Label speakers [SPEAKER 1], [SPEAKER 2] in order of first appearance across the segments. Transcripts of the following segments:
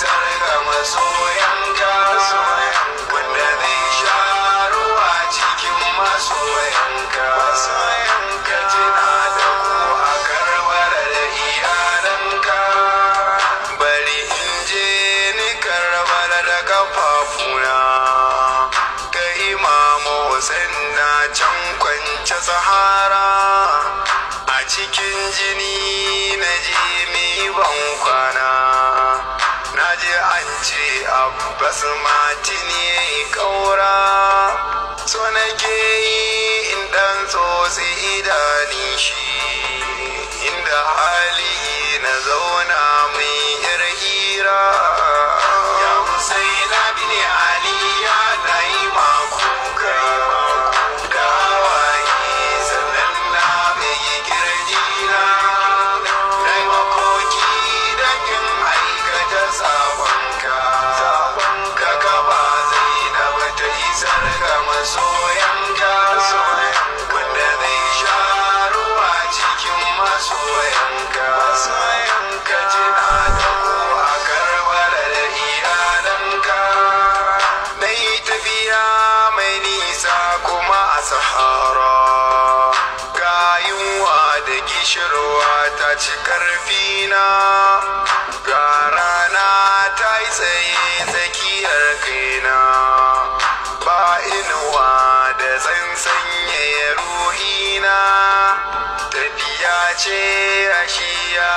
[SPEAKER 1] Sorry, I'm a soul, yeah. when they get ce ashiya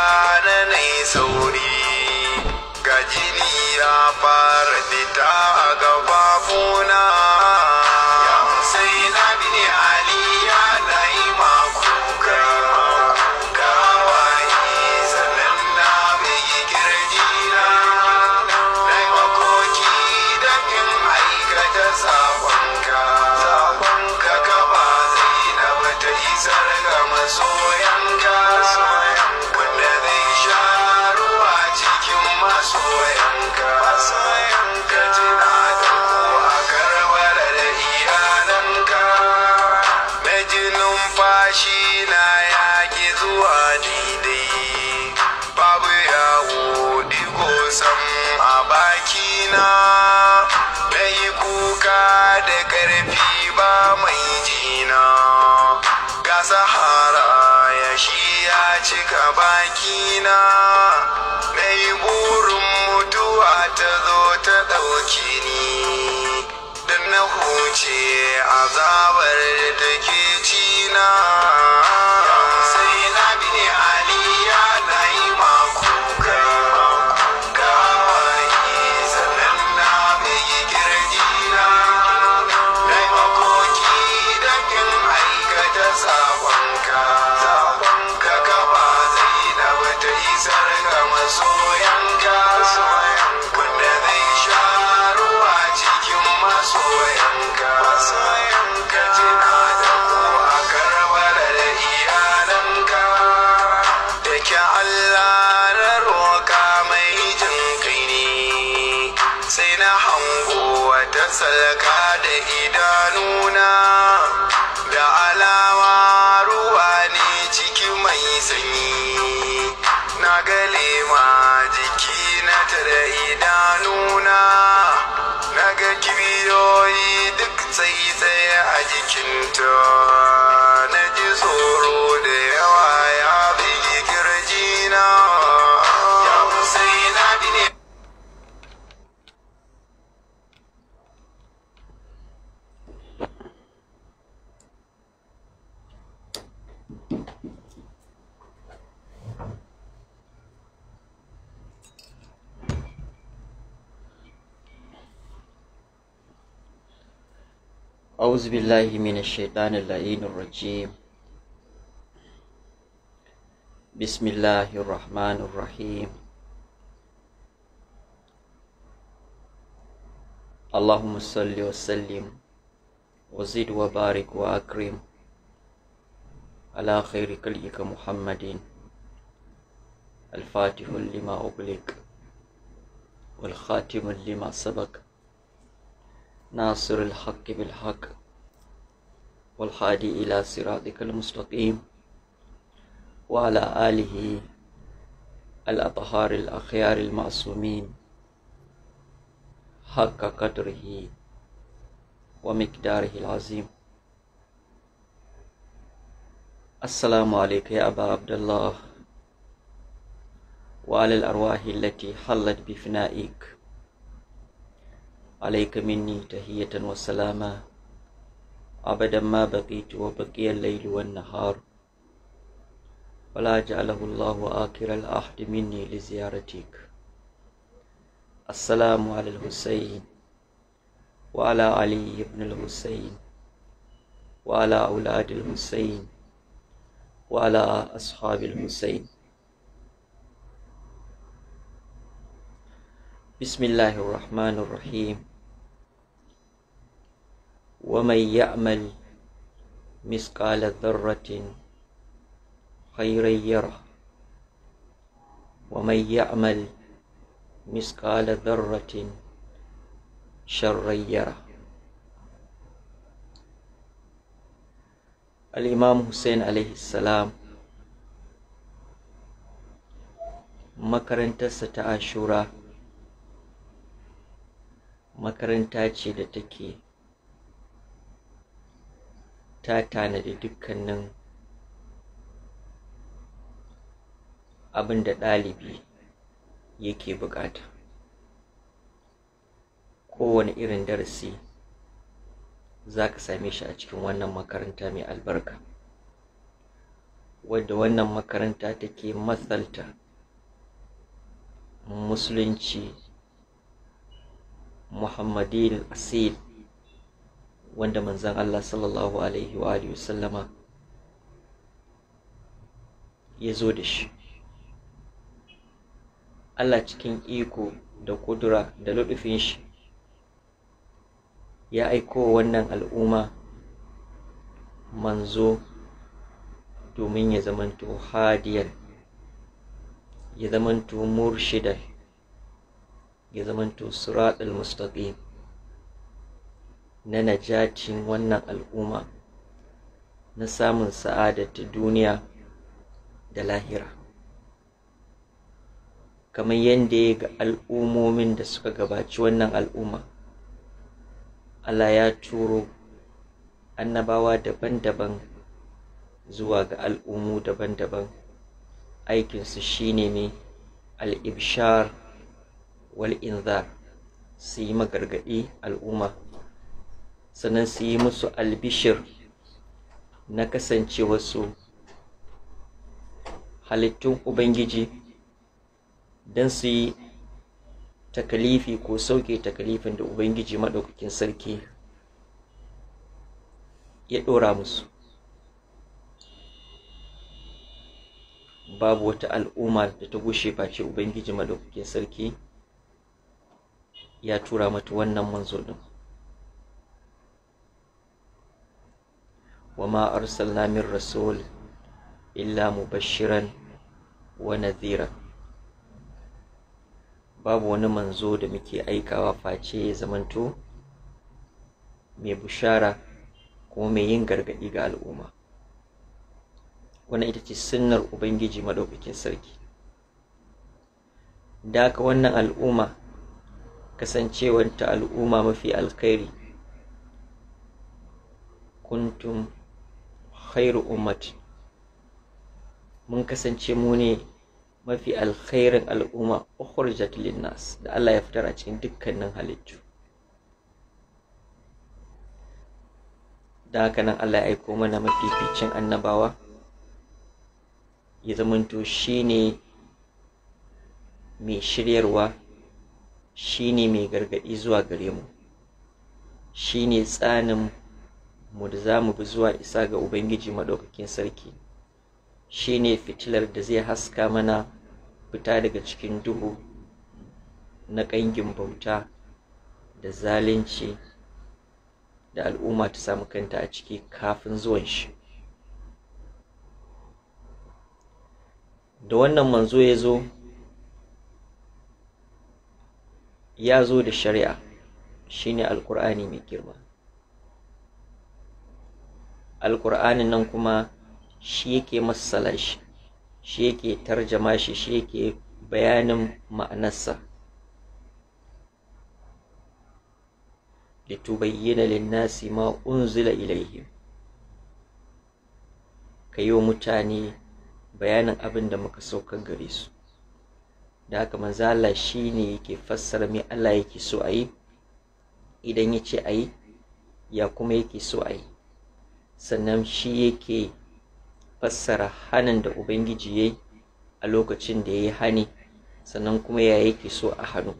[SPEAKER 1] na nai sauri ga jini ya fara não faz door.
[SPEAKER 2] أعوذ بالله من الشيطان اللعين الرجيم بسم الله الرحمن الرحيم اللهم صل وسلم وزد وبارك وأكرم على خير كليك محمد الفاتح لما أغلق والخاتم لما سبق ناصر الحق بالحق والحادي إلى صراطك المستقيم وعلى آله الأطهار الأخيار المعصومين حق قدره ومقداره العظيم السلام عليك يا أبا عبد الله وعلى الأرواح التي حلت بفنائك عليك مني تهية وسلاما أبدا ما بقيت وبقي الليل والنهار ولا جعله الله آخر العهد مني لزيارتك السلام على الحسين وعلى علي بن الحسين وعلى أولاد الحسين وعلى أصحاب الحسين بسم الله الرحمن الرحيم ومن يعمل مثقال ذرة خيرا يره ومن يعمل مثقال ذرة شرا يره الإمام حسين عليه السلام makarantarsa ta ashura makaranta ce da take ta tanadi dukkanin abin da ɗalibi yake buƙata kowane irin darasi za ka same shi a cikin wannan makaranta mai albarka wadda wannan makaranta take matsalta musulunci muhammadin asir wanda manzan Allah sallallahu alaihi wa sallama ya zo da shi Allah cikin iko da kudura da ludufin shi ya aiko wannan al'umma manzo domin ya zamanto hadiyar ya zamanto murshidan ya zamanto suratul mustaqim na najatin wannan al'umma na samun sa'adar ta duniya da lahira kamar yadda ya ga al'ummomin da suka gabaci wannan al'umma Allah ya turo annabawa daban-daban zuwa ga al'ummu daban-daban aikinsu shine ne al'ibshar wal inzar su yi magargaɗi al'umma sannan su yi musu albishir na kasance wasu halittun ubangiji don su yi takalifi ko sauke takalifin da ubangiji maɗaukakin sarki ya ɗora musu babu wata al'umma da ta gushe face ubangiji maɗaukakin sarki ya tura mata wannan manzo ɗin وما أرسلنا من رسول إلا مبشرا ونذيرا babu wani manzo da muke aikawa face ya zamanto mai bushara kuma mai yin gargaɗi ga al'umma wannan ita ce sunnar ubangiji maɗaukakin sarki da ka wannan al'umma kasancewanta al'umma mafi alkhairi kuntum khairu ummati mun kasance mu ne mafi alkhairin al'umma ukhrijat linnas da Allah ya fitar a cikin dukkanin halittu da haka nan Allah ya aiko mana mafificin annabawa ya zamanto shine mai shiryarwa shine mai gargaɗi zuwa gare mu shine tsanin mu da za mu bi zuwa isa ga Ubangiji maɗaukakin sarki shi ne fitilar da zai haska mana fita daga cikin duhu na ƙangin bauta da zalunci da al'umma ta samu kanta a ciki kafin zuwan shi da wannan manzo ya zo ya zo da shari'a shine alkur'ani mai girma alƙur'anin nan kuma shi yake matsala shi shi yake tarjama shi shi yake bayanin ma'anarsa litubayyana linnasi ma unzila ilaihi ka yi wa mutane bayanin abin da muka saukar gare su da haka manzo Allah ne yake fassara me Allah yake so ayi idan ya ce a yi ya kuma yake so a yi sannan shi yake fassara hanin da ubangiji ya yi a lokacin da ya yi hani sannan kuma ya yake so a hannu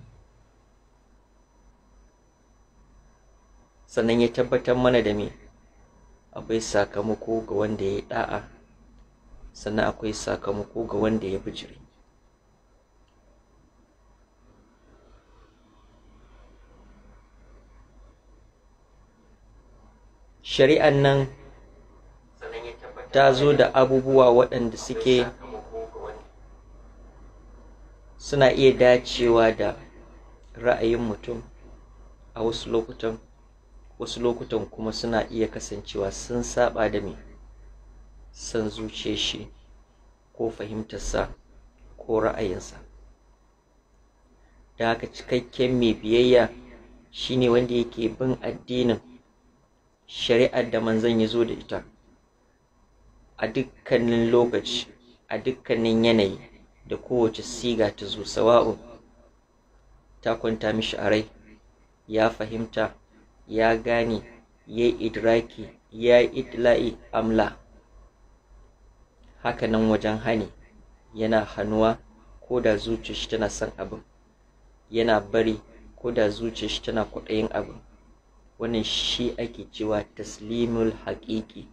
[SPEAKER 2] sannan ya tabbatar mana da me akwai sakamako ga wanda ya yi da'a sannan akwai sakamako ga wanda ya bijiri shari'an nan ta zo da abubuwa waɗanda suke suna iya dacewa da ra'ayin mutum a wasu lokutan wasu lokutan kuma suna iya kasancewa sun saba da mai san zuce shi ko fahimtarsa ko ra'ayinsa da haka cikakken mai biyayya shine wanda yake bin addinin shari'ar da manzon ya zo da ita a dukkanin lokaci a dukkanin yanayi da kowace siga ta zo sawa'u ta kwanta mishi a rai ya fahimta ya gane ya idraki ya idla'i amla hakanan wajen hani yana hannuwa ko da shi tana son abin yana bari ko da zuciyar shi tana kwaɗayin abin wannan shi ake cewa taslimul haƙiƙi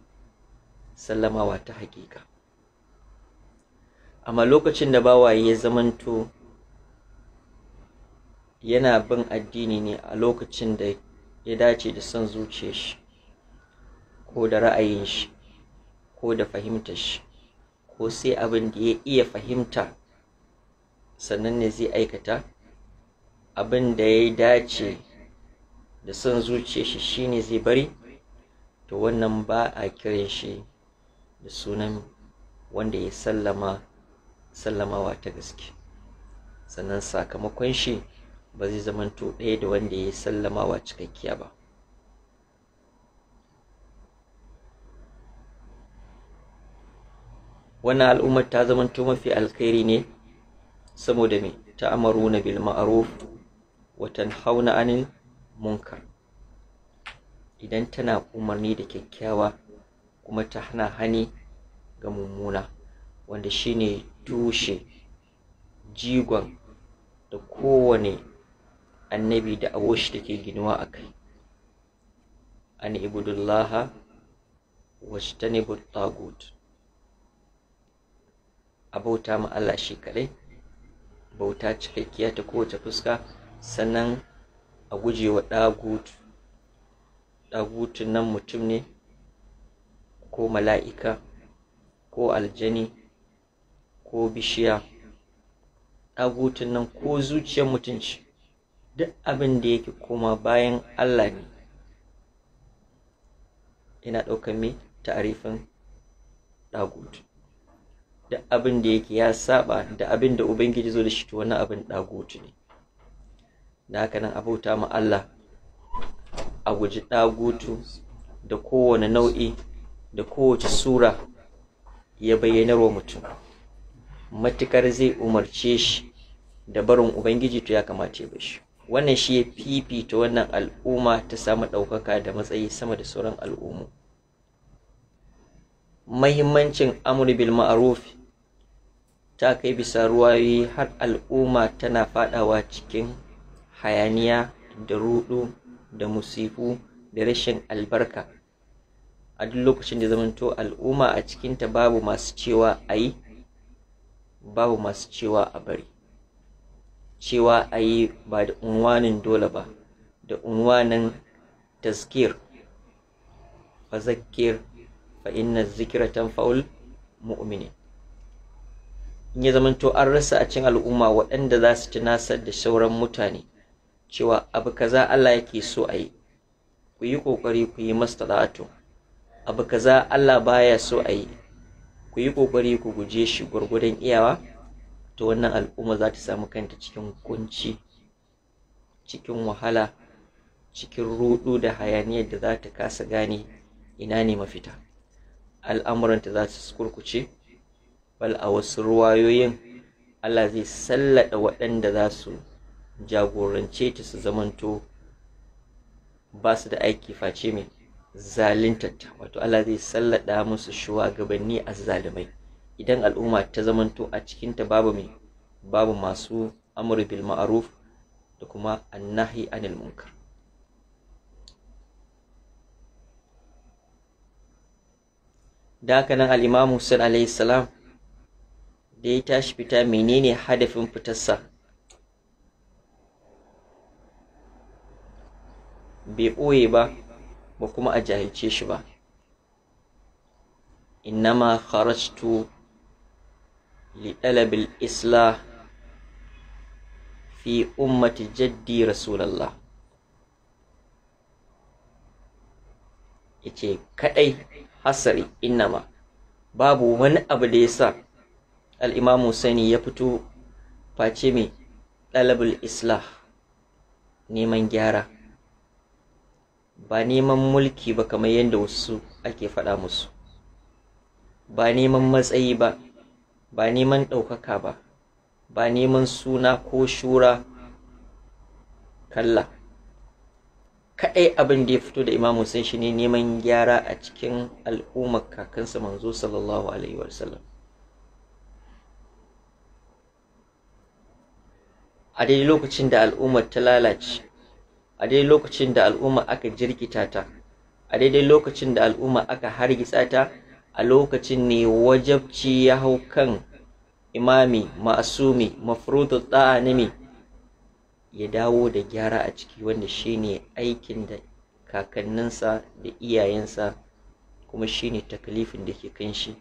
[SPEAKER 2] sallamawa ta haƙiƙa amma lokacin da bawaye ya zamanto yana bin addini ne a lokacin da ya dace da son zuciyar shi ko da ra'ayin shi ko da fahimtar shi ko sai abin da ya iya fahimta sannan ne zai aikata abin da ya dace da son zuciyar shi shine zai bari to wannan ba a kiran shi da sunan wanda ya sallama sallamawa ta gaske sannan sakamakon shi ba zai zamanto ɗaya da wanda ya sallamawa cikakkiya ba wannan al'ummar ta zamanto mafi alkhairi ne saboda me na bil ma'ruf wa tanhauna 'anil munkar idan tana umarni da kyakkyawa kuma ta hana hani ga mummuna wanda shine tushe jigon da kowane annabi da awoshi take ginuwa a kai an ibudullaha wajtanibu tagut a bauta ma'ala shi kaɗai bauta cikakkiya ta kowace fuska sannan a gujewa ɗagutu ɗagutun nan mutum ne ko mala'ika ko aljani ko bishiya ɗagutun nan ko zuciyar mutunci duk abin da yake koma bayan Allah ne yana ɗaukar mai ta'arifin ɗagut duk abin da yake ya saba da abin da Ubangiji zo da shi to wani abin ɗagotu ne da haka nan abauta ma Allah a guji ɗagutu da kowane nau'i da kowace sura ya bayyanarwa mutum matukar zai umarce shi da barin ubangiji to ya kamata ya shi. wannan shi ya fifita wannan al'umma ta samu ɗaukaka da matsayi sama da sauran al'ummu mahimmancin amri bil ta kai bisa ruwayoyi har al'umma tana fadawa cikin hayaniya da rudu da musifu da rashin albarka a duk lokacin da zamanto al'umma a cikinta babu masu cewa a yi babu masu cewa a bari cewa a yi ba da unwanin dole ba da unwanin taskir fa zakir fa inna zikira faul mu'mini in ya zamanto an rasa a cikin al'umma waɗanda za su tunasar da sauran mutane cewa abu kaza Allah yake so a yi ku yi ƙoƙari ku yi da'atu. abu kaza Allah baya so a yi ku yi kokari ku guje shi gwargwadon iyawa to wannan al'umma za ta samu kanta cikin kunci cikin wahala cikin rudu da hayaniyar da za ta kasa gane ina ne mafita al'amuranta za su kurkuce bal a wasu ruwayoyin Allah zai sallada waɗanda za su jagorance ta su zamanto ba su da aiki face mai zalintarta wato Allah zai sallada musu gabanni azzalimai idan al'umma ta zamanto a cikinta babu mai babu masu amru bil ma'ruf da kuma annahi anil munkar da haka nan al'imamu sun alayhi salam da ya tashi fita menene hadafin fitarsa bai ɓoye ba ba kuma a jahilce shi ba innama kharajtu li talabil isla fi ummati jaddi rasulallah yace kadai hasari innama babu wani abu da yasa al-imamu sani ya fito face mai ɗalabul islah neman gyara ba neman mulki ba kamar yadda wasu ake faɗa musu ba neman matsayi ba ba neman ɗaukaka ba ba neman suna ko shura kalla kaɗai abin da ya fito da imam Hussein shi ne neman gyara a cikin al'ummar kakansa manzo sallallahu alaihi wasallam a daidai lokacin da al'ummar ta lalace a daidai lokacin da al'umma aka jirgita ta a daidai lokacin da al'umma aka hargitsa ta a lokacin ne wajabci ya hau kan imami ma'asumi mafrudu ta'animi ya dawo da gyara a ciki wanda shine aikin da kakanninsa da iyayensa kuma shine takalifin da ke kan shi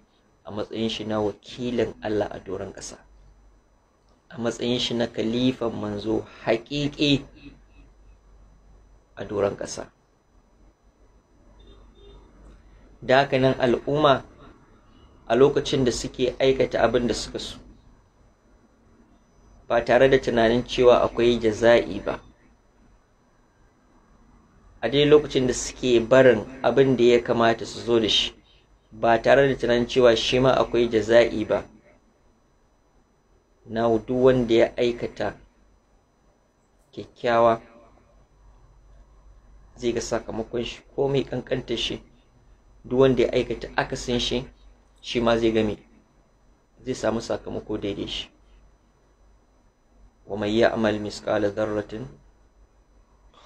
[SPEAKER 2] a matsayin shi na wakilin Allah a doron ƙasa a matsayin shi na kalifan manzo haƙiƙi a doron ƙasa da haka nan al'umma a lokacin da suke aikata abin da suka so ba tare da tunanin cewa akwai jaza'i ba a dai lokacin da suke barin abin da ya kamata su zo da shi ba tare da tunanin cewa shi ma akwai jaza'i ba na duk wanda ya aikata kyakkyawa zai ga sakamakon shi ko mai kankanta shi duk wanda ya aikata akasin shi shi ma zai game zai samu sakamako daidai shi wa mai ya'mal misqala dharratin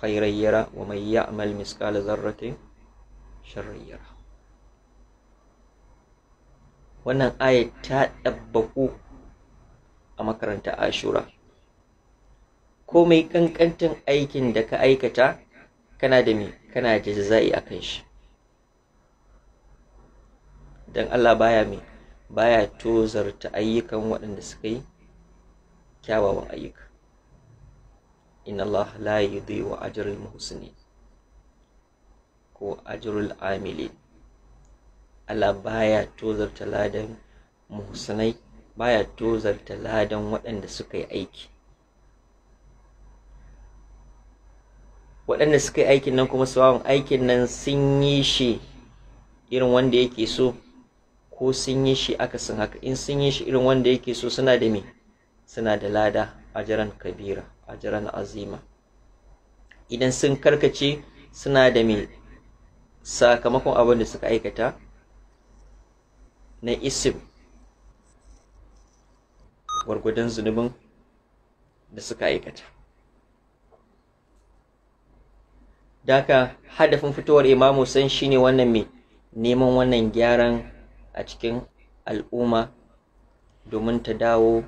[SPEAKER 2] khairan yara wa mai ya'mal misqala dharratin sharran yara wannan aya ta dabbaku a makaranta ashura mai kankantin aikin da ka aikata kana da me kana da jaza'i a kan shi don Allah baya me baya tozarta ayyukan waɗanda suka yi kyawawan ayyuka Ina Allah zai wa ajral muhsinin ko ajrul amili Allah baya tozarta ladan muhsinai baya tozarta ladan waɗanda suka yi aiki waɗanda suka yi aikin nan kuma sawawan aikin nan sun yi shi irin wanda yake so ko sun yi shi akasin haka in sun yi shi irin wanda yake so suna da me suna da lada ajaran kabira jiran azima idan sun karkace suna da me sakamakon abin da suka aikata na isim gwargwadon zunubin da suka aikata Daka hadafin fitowar imam Hussein shine wannan mai neman wannan gyaran a cikin al'umma domin ta dawo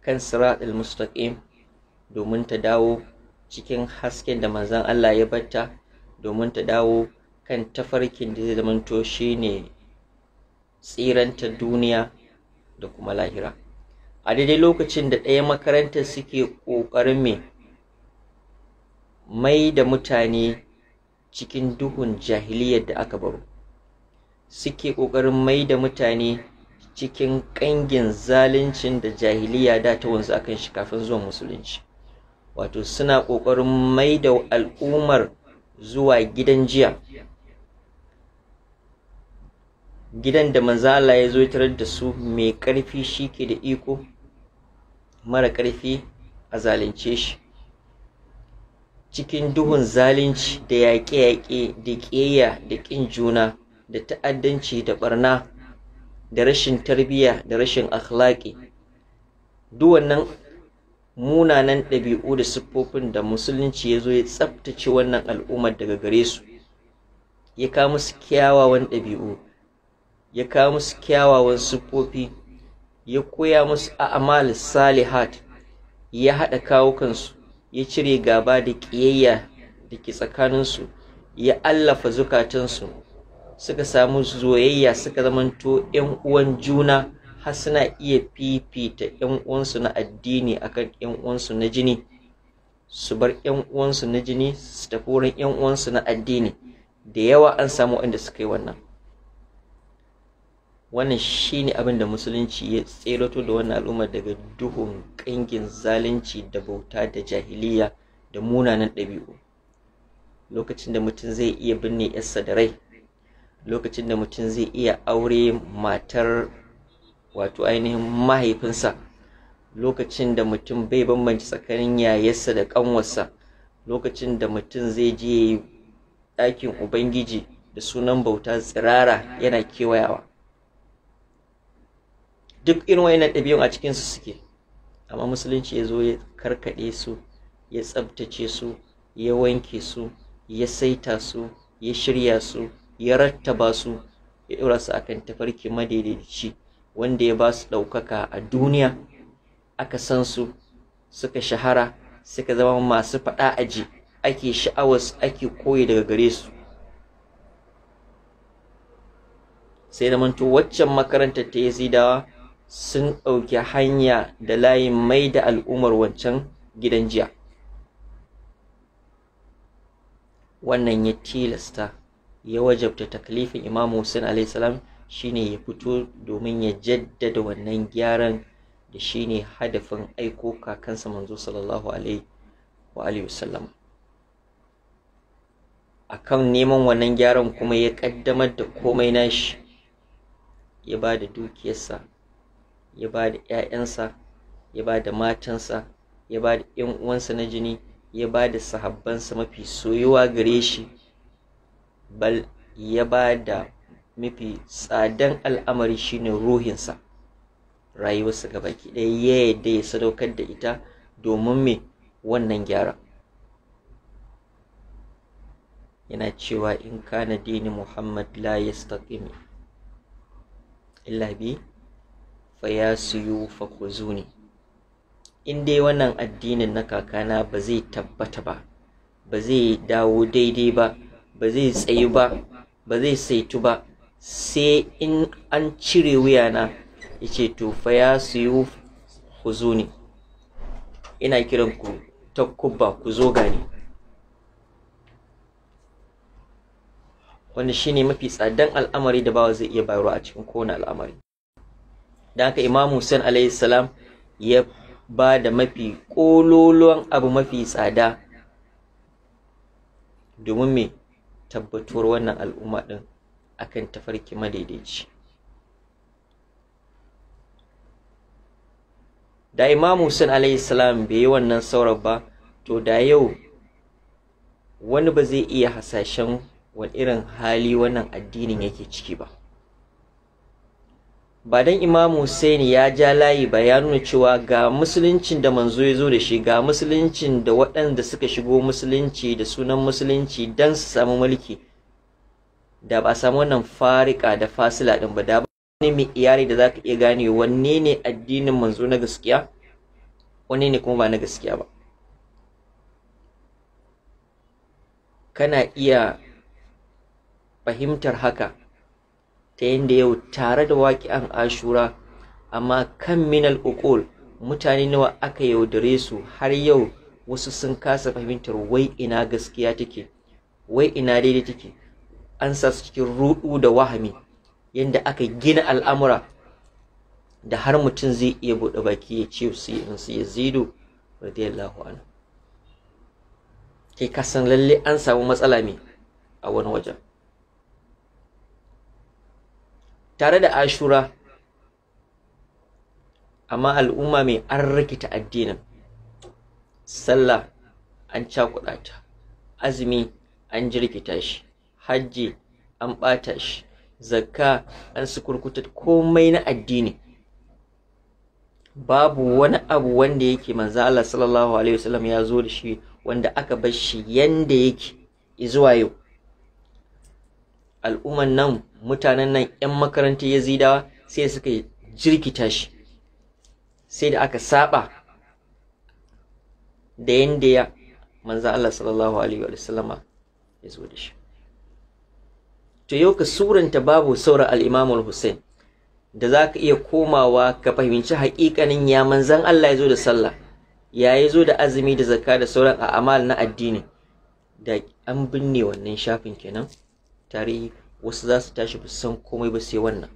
[SPEAKER 2] kan siratul mustaqim domin ta dawo cikin hasken da manzon Allah ya batta domin ta dawo kan tafarkin da zai to shine tsiranta duniya da kuma lahira a daidai lokacin da ɗaya makarantar suke ƙoƙarin me mai da mutane cikin duhun jahiliyar da aka baro suke ƙoƙarin mai da mutane cikin ƙangin zaluncin da jahiliya da ta wanzu akan shi kafin zuwan musulunci wato suna ƙoƙarin mai da al'ummar zuwa gidan jiya gidan da manzala ya zo tarar da su mai ƙarfi shi ke da iko mara ƙarfi a zalunce shi cikin duhun zalunci da yaƙe-yaƙe da ƙeya da ƙin juna da ta'addanci da ɓarna da rashin tarbiyya da rashin akhlaƙi duk wannan munanan ɗabi'u da siffofin da musulunci ya zo ya tsabtace wannan al'ummar daga gare su ya kawo musu kyawawan ɗabi'u ya kawo musu kyawawan siffofi ya koya musu a'mal salihat ya haɗa kawukansu ya cire gaba da ƙiyayya da ke tsakaninsu ya allafa zukatansu suka samu zoyayya suka zamanto 'yan uwan juna har suna iya fifita 'yan uwansu na addini akan 'yan uwansu na jini su bar 'yan uwansu na jini su tafi wurin 'yan uwansu na addini da yawa an samu inda suka yi wannan wannan shine abin da musulunci ya tserato da wannan al'umma daga duhun ƙangin zalunci da bauta da jahiliya da munanan ɗabi'u lokacin da mutum zai iya binne yarsa da rai lokacin da mutum zai iya aure matar wato ainihin mahaifinsa lokacin da mutum bai bambanci tsakanin yayarsa da ƙanwarsa lokacin da mutum zai je ɗakin ubangiji da sunan bauta tsirara yana kewayawa duk irin wayannan ɗabi'un a cikin su suke amma musulunci ya zo ya karkaɗe su ya tsabtace su ya wanke su ya saita su ya shirya su ya rattaba su ya ɗora su akan tafarki madaidaici wanda ya ba su ɗaukaka a duniya aka san su suka shahara suka zama masu faɗa aji ake sha'awas ake koyi daga gare su sai da manto waccan makarantar ta yazidawa sun ɗauki hanya da layin mai da al'ummar wancan gidan jiya wannan ya tilasta ya wajabta taklifin imam Hussein alaihissalam shine ya fito domin ya jaddada wannan gyaran da shine hadafin aiko kakansa manzo sallallahu alaihi wa a kan akan neman wannan gyaran kuma ya ƙaddamar da komai nashi ya ba da dukiyarsa ya ba da 'ya'yansa ya ba da matansa ya ba da 'yan uwansa na jini ya ba da sahabbansa mafi soyuwa gare shi bal ya ba da mafi tsadan al'amari shine ruhinsa rayuwarsa ga baki ɗaya ya yadda ya sadaukar da ita domin me wannan gyara yana cewa in kana dini muhammad la yastaqim illa bi fa ya siyo fa ne in dai wannan addinin na kakana ba zai tabbata ba ba zai dawo daidai ba ba zai tsayu ba ba zai saitu ba sai in an cire wuyana ya ce to fa ya siyo zuni? ina kiran ku ta kubba ku zo gani wanda shine mafi tsadan al'amari da bawa zai iya bayarwa a cikin kowane al'amari don haka imam Hussein alaihi salam ya ba da mafi kololuwan abu mafi tsada domin mai tabbatuwar wannan al'umma din akan tafarki madaidaici da imam Hussein alaihi salam bai yi wannan saurar ba to da yau wani ba zai iya hasashen wani irin hali wannan addinin yake ciki ba ba dan Imam Husaini ya ja layi ba ya nuna cewa ga musuluncin da manzo ya zo da shi ga musuluncin da waɗanda suka shigo musulunci da sunan musulunci dan su samu mulki da ba samu wannan farika da fasila ɗin ba da ba ne mai iyali da zaka iya gane wanne ne addinin manzo na gaskiya wanne ne kuma ba na gaskiya ba kana iya fahimtar haka ta yadda yau tare da waƙi'an ashura amma kan minal uqul mutane nawa aka yaudare su har yau wasu sun kasa fahimtar wai ina gaskiya take wai ina daidai take an sa su cikin rudu da wahami yadda aka gina al'amura da har mutum zai iya buɗe baki ya ce su yi su ya zido radiyallahu anhu kai kasan lalle an samu matsala ne a wani wajen tare da ashura amma al'umma mai an rikita addinin sallah an cakudata. ta azumi an jirkita shi hajji an ɓata shi zakka an sukurkuta komai na addini babu wani abu wanda yake manzo Allah sallallahu alaihi wasallam ya zo da shi wanda aka bar shi yanda yake zuwa yau al'umman nan mutanen nan 'yan makarantar yazidawa sai suka jirkita shi sai da aka saba da yadda ya manza Allah sallallahu alaihi wa sallama ya zo da shi to yau ka suranta babu saura al-imamul Hussein da za ka iya komawa ka fahimci haƙiƙanin ya manzan Allah ya zo da sallah ya yi zo da azumi da zakka da sauran a na addini da an binne wannan shafin kenan tarihi wasu za su tashi ba san komai ba sai wannan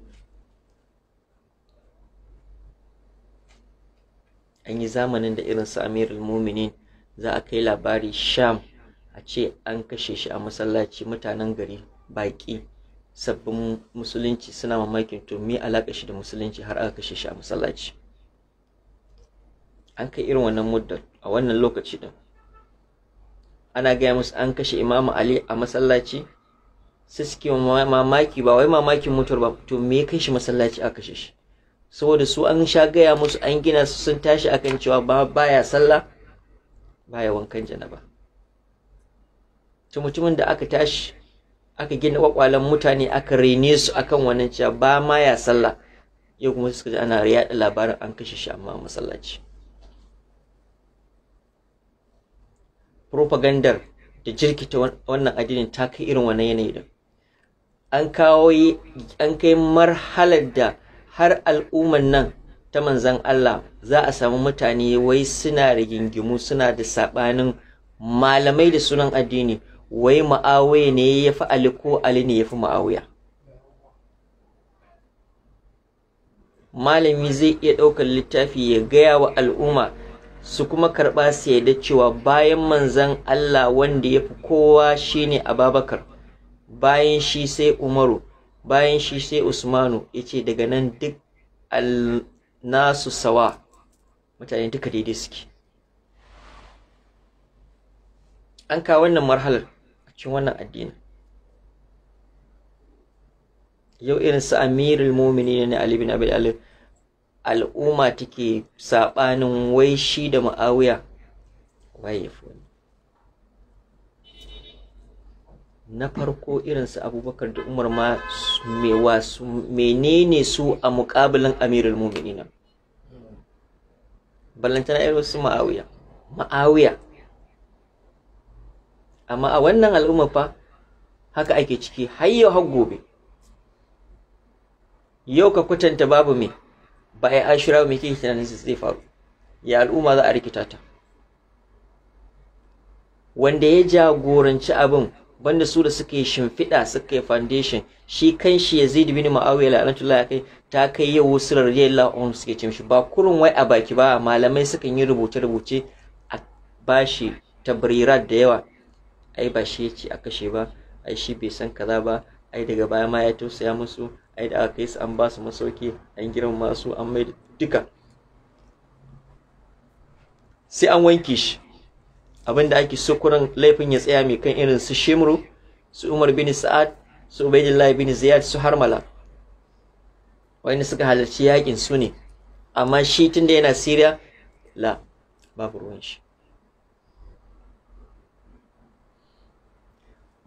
[SPEAKER 2] an yi zamanin da irin su amirul muminin za a kai labari sham a ce an kashe shi a masallaci mutanen gari baƙi sabbin musulunci suna mamakin to me alaƙa shi da musulunci har aka kashe shi a masallaci an kai irin wannan muddan a wannan lokaci din ana gaya musu an kashe imamu ali a masallaci sai suke mamaki ba wai mamakin mutuwar ba to me kai shi masallaci aka kashe shi saboda su an sha gaya musu an gina su sun tashi akan cewa ba baya sallah baya wankan janaba to mutumin da aka tashi aka gina kwakwalan mutane aka rene su akan wannan cewa ba ma ya sallah yau kuma suka ji ana yaɗa labarin an kashe shi amma masallaci propagandar da jirkita wannan addinin ta kai irin wannan yanayi din an kawo an kai marhalar da har al'umman nan ta Manzon Allah za a samu mutane wai suna rigingimu suna da saɓanin malamai da sunan addini wai ma'awaye ne ya fi ali ko ali ne ya fi ma'awiya malami zai iya ɗaukar littafi ya gaya wa al'umma su kuma karɓa su yadda cewa bayan manzan Allah wanda ya fi kowa shine Ababakar. bayan shi sai umaru bayan shi sai usmanu ya ce daga nan duk nasu sawa mutane duka daidai suke an kawo wannan marhalar a cikin wannan addini yau irin su amirul mumini ne ali bin abi alif al'umma take sabanin wai shi da ma'awiya waye fi na farko irinsu abubakar da umar ma mewa su menene su a muƙabilin amirul muminina ballantana irin su ma'awiya ma'awiya amma a wannan al'umma fa haka ake ciki har yau har gobe yau ka kwatanta babu me ba a ashira mai kike tunanin zai faru ya al'umma za a rikita ta wanda ya jagoranci abin banda su da suka yi shimfiɗa suka yi foundation shi kan shi yazid bin ma'awiya la'anatullahi kai ta kai yau wasu radiyallahu anhu suke ce mishi ba kurun wai a baki ba malamai sukan yi rubuce rubuce a bashi tabrirat da yawa ai ba shi yace a kashe ba ai shi bai san kaza ba ai daga baya ma ya tausaya musu ai da aka kai su an ba su masauki an girma masu an mai duka sai an wanke shi abinda ake sukurin laifin ya tsaya mai kan irin su shimru su umar bin sa'ad su ubaidillahi bin ziyad su harmala Wani suka halarci yakin su ne amma shi tunda yana siriya la babu ruwan shi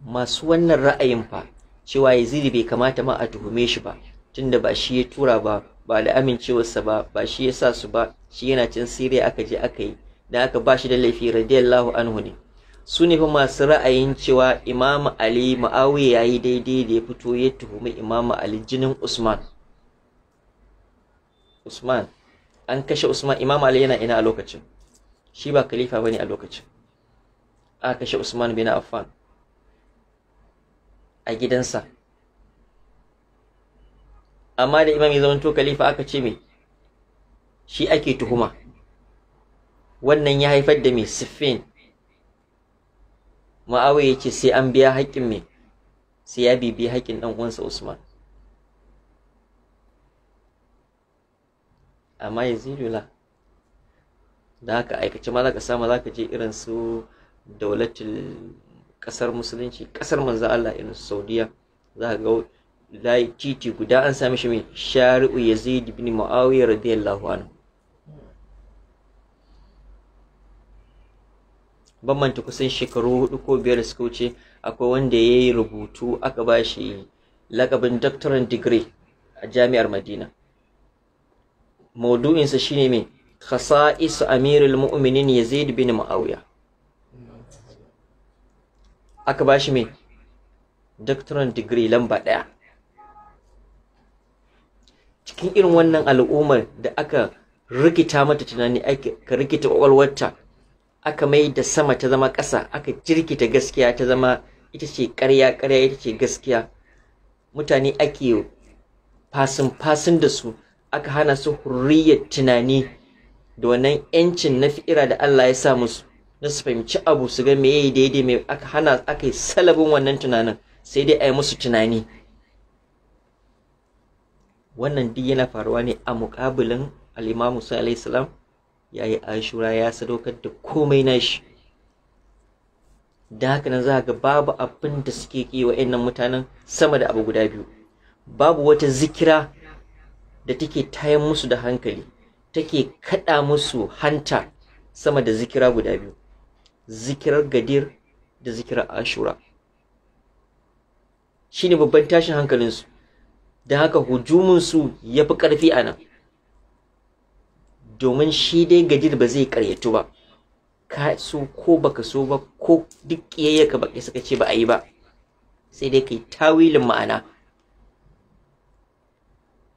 [SPEAKER 2] masu wannan ra'ayin fa cewa yazidi bai kamata ma a tuhume shi ba tunda ba shi ya tura ba ba da amincewarsa ba ba shi ya sa su ba shi yana cin siriya aka je aka yi da aka ba shi da laifi radiyallahu anhu ne su ne fa masu ra'ayin cewa imamu ali ma'awiya yi daidai da ya fito ya tuhumi imamu ali jinin usman usman an kashe usman imamu ali yana ina a lokacin shi ba khalifa bane a lokacin a kashe usman bin affan a gidansa amma da imam ya zama to khalifa aka ce me shi ake tuhuma wannan ya haifar da mai siffin ma'awai ya ce sai an biya haƙƙin mai sai ya bibi haƙƙin ɗan uwansa usman amma ya zilula da haka aikace ma za ka samu za ka je irin su daulatin ƙasar musulunci ƙasar manzo Allah irin su saudiya za ka ga titi guda an sami shi mai shari'u yazid Bini muawiya radiyallahu anhu bambanta kusan shekaru hudu ko biyar da suka wuce akwai wanda ya yi rubutu aka ba shi lakabin doctorate degree a jami'ar madina maudu'insa shine mai khasa'is amirul mu'minin dubi ni ma'auya aka ba shi mai doctorate degree lamba ɗaya cikin irin wannan al'ummar da aka rikita mata tunani ka rikita kwakwalwata. aka mai da sama ta zama ƙasa aka jirkita gaskiya ta zama ita ce ƙarya ƙarya ita ce gaskiya mutane ake fasin fasin da su aka hana su hurriyar tunani da wannan yancin na fi'ira da Allah ya sa musu na su fahimci abu su ga meye daidai mai aka hana aka yi salabin wannan tunanin sai dai a yi musu tunani wannan duk yana faruwa ne a muƙabilin al'imamu sai alaihi salam ya yi ashura ya sadaukar da komai nashi da haka nan za ga babu abin da suke ƙi wa'annan mutanen sama da abu guda biyu babu wata zikira da take tayan musu da hankali take kaɗa musu hanta sama da zikira guda biyu zikirar gadir da zikirar ashura shine babban tashin hankalinsu da haka hujuminsu ya fi ƙarfi a nan domin shi dai gajir ba zai karyatu ba ka so ko baka so ba ko duk ka baki suka ce ba a yi ba sai dai kai tawilin ma'ana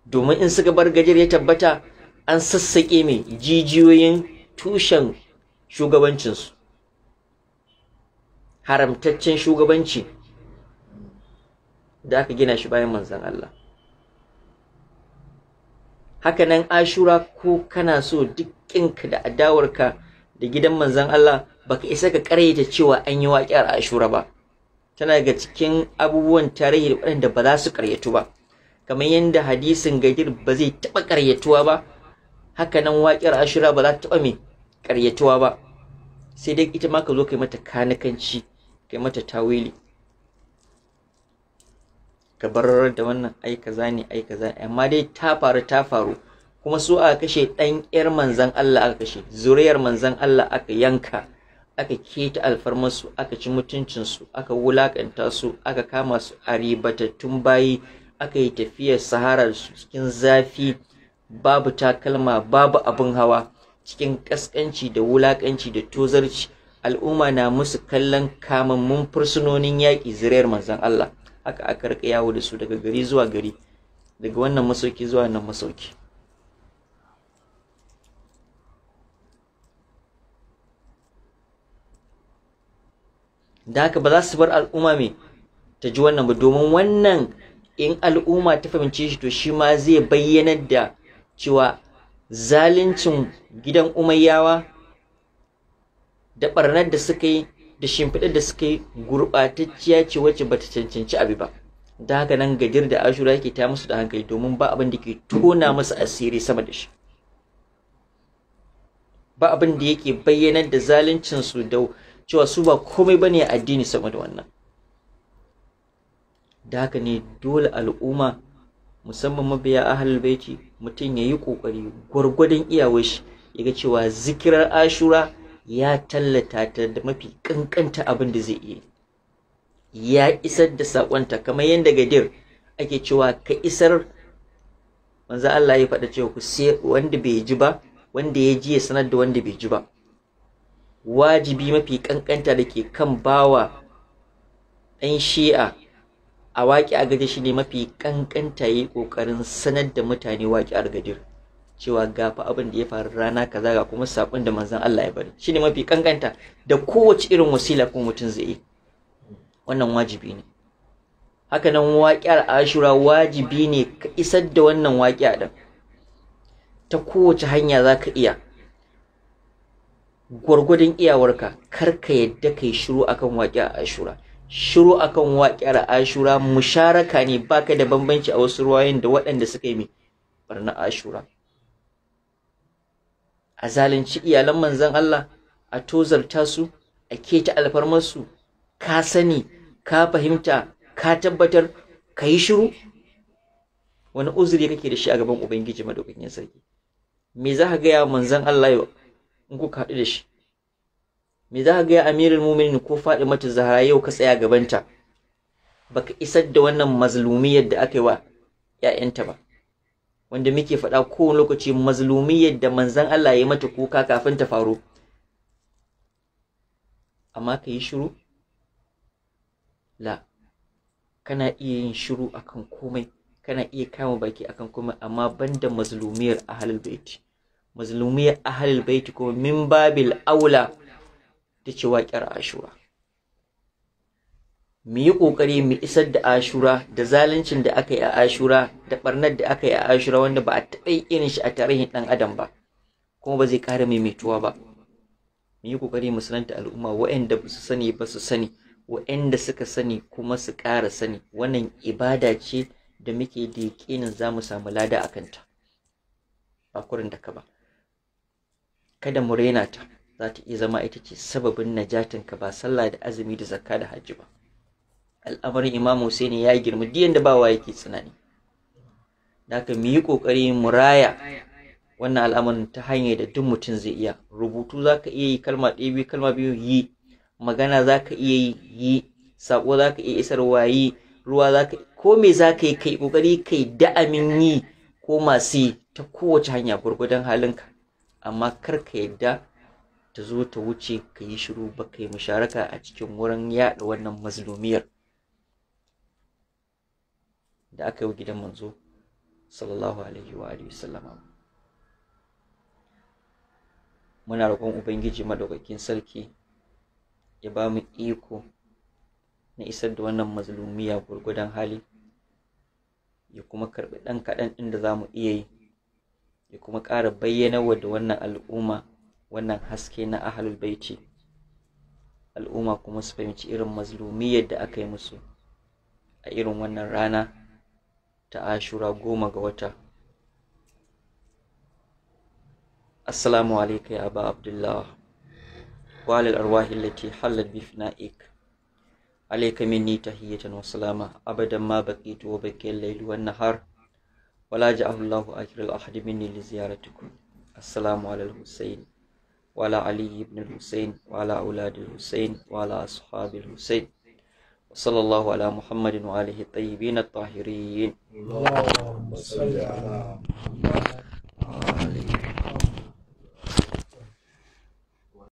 [SPEAKER 2] domin in suka bar gajir ya tabbata an sassaƙe mai jijiyoyin tushen shugabancinsu haramtaccen shugabanci da aka gina shi bayan manzan Allah hakanan ashura ko kana so dukkinka da adawarka da gidan manzon Allah baka isa ka karaita cewa an yi waƙiyar ashura ba tana ga cikin abubuwan tarihi da waɗanda ba za su karyatu ba kamar yadda hadisin gajir ba zai taɓa karyatuwa ba Haka hakanan waƙiyar ashura ba za ta taɓa mai karyatuwa ba sai dai ita ma ka zo kai mata kanakanci kai mata tawili ka barar da wannan ai kaza ne ai kaza amma dai ta faru ta faru kuma su aka kashe ɗan 'yar manzan Allah aka kashe zuriyar manzan Allah aka yanka aka keta alfarmarsu aka ci mutuncinsu aka wulakanta su aka kama su a ribatattun bayi aka yi tafiyar sahara su cikin zafi babu takalma babu abin hawa cikin ƙasƙanci da wulaƙanci da tozarci al'umma na musu kallon kamammun fursunonin yaƙi zuriyar manzan Allah haka aka rika yawo da su daga gari zuwa gari daga wannan masauki zuwa wannan masauki da haka ba za su bar al'umma mai ta ji wannan ba domin wannan in al'umma ta fahimci shi to shi ma zai bayyanar da cewa zaluncin gidan umayyawa da ɓarnar da suka yi da shimfiɗar da suka yi gurɓatacciya ce wacce bata cancanci abi ba da haka nan gadir da ashura yake ta musu da hankali domin ba abin da ke tona musu asiri sama da shi ba abin da yake bayyanar da zaluncin su da cewa su ba komai bane a addini sama da wannan da haka ne dole al'umma musamman mabiya ahlul baiti mutum ya yi kokari gwargwadon iyawar shi ya cewa zikirar ashura ya tallata ta da mafi kankanta abin da zai iya ya isar da saƙonta kamar yadda gadir ake cewa ka isar manzo Allah ya faɗa cewa ku sai wanda bai ji ba wanda ya ji ya sanar da wanda bai ji ba wajibi mafi kankanta da ke kan bawa ɗan shi'a a waƙi a gadir shi ne mafi kankanta ya yi ƙoƙarin sanar da mutane waƙi a gadir cewa ga fa abin da ya faru rana kaza ga kuma sakon da manzon Allah ya bari shine mafi kankanta da kowace irin wasila kuma mutum zai yi wannan wajibi ne haka nan waƙiyar ashura wajibi ne ka isar da wannan waƙiya din ta kowace hanya zaka iya gwargwadon iyawarka kar ka yadda ka shiru akan waƙiyar ashura shiru akan waƙiyar ashura musharaka ne baka da bambanci a wasu ruwayoyin da waɗanda suka yi mai barna ashura a zalunci iyalan manzan Allah a tozarta su a keta alfarmarsu ka sani ka fahimta ka tabbatar ka yi shiru wani uzuri kake da shi a gaban ubangiji madaukakin sarki me za ka gaya manzan Allah yau in kuka haɗu da shi me za ka gaya amirul muminin ko mata zahra yau ka tsaya gabanta baka isar da wannan mazlumiyar da aka yi wa 'ya'yanta ba wanda muke faɗa kowane lokaci mazlumi yadda manzan Allah ya mata kuka kafin ta faru amma ka yi shiru la kana iya yin shiru akan komai kana iya kama baki akan komai amma banda mazlumiyar ahlul baiti mazlumiyar ahlul baiti kuma min babil aula ta cewa waƙar ashura mu yi ƙoƙari mu isar da ashura da zaluncin da aka yi a ashura da ɓarnar da aka yi a ashura wanda ba a taɓa irin shi a tarihin ɗan adam ba kuma ba zai ƙara maimaituwa ba mu yi ƙoƙari mu sananta al'umma wa'anda ba su sani ba su sani wa'anda suka sani kuma su ƙara sani wannan ibada ce da muke da yaƙinin za mu samu lada a kanta ba kurin da ka ba kada mu raina ta za ta iya zama ita ce sababin najatinka ba sallah da azumi da zakka da hajji ba al'amarin imam husaini ya girma diyan da bawa yake tsanani da aka mu yi muraya. mu raya wannan al'amarin ta hanya da duk mutum zai iya rubutu za ka iya yi kalma ɗaya biyu kalma biyu yi magana za ka iya yi saƙo za ka iya isar wayi ruwa za ka ko me za ka yi kai ƙoƙari kai da'amin yi ko masu yi ta kowace hanya gwargwadon halinka amma kar ka yadda ta zo ta wuce ka yi shiru ba ka yi musharaka a cikin wurin yaɗa wannan mazlumiyar da aka yi wa gidan manzo sallallahu alaihi wa alihi sallama muna roƙon ubangiji madaukakin sarki ya ba mu iko na isar da wannan mazlumiya gurgudan hali ya kuma karɓi ɗan kaɗan ɗin da za mu iya yi ya kuma ƙara bayyana wa da wannan al'umma wannan haske na ahalul baiti al'umma kuma su fahimci irin mazlumiyar da aka yi musu a irin wannan rana ta ashura goma ga wata assalamu alaika ya aba abdullah wa alal halal allati hallat alaikai min ni ta tahiyatan wa abadan ma baqitu wa baqiya lailu layl nahar wa la ja'ahu Allahu ahadi minni li ziyaratikum assalamu ala al Wala Aliyu ali ibn al-husayn Wala ala al وصلى الله على محمد وآله الطيبين الطاهرين
[SPEAKER 1] اللهم صل على محمد وآله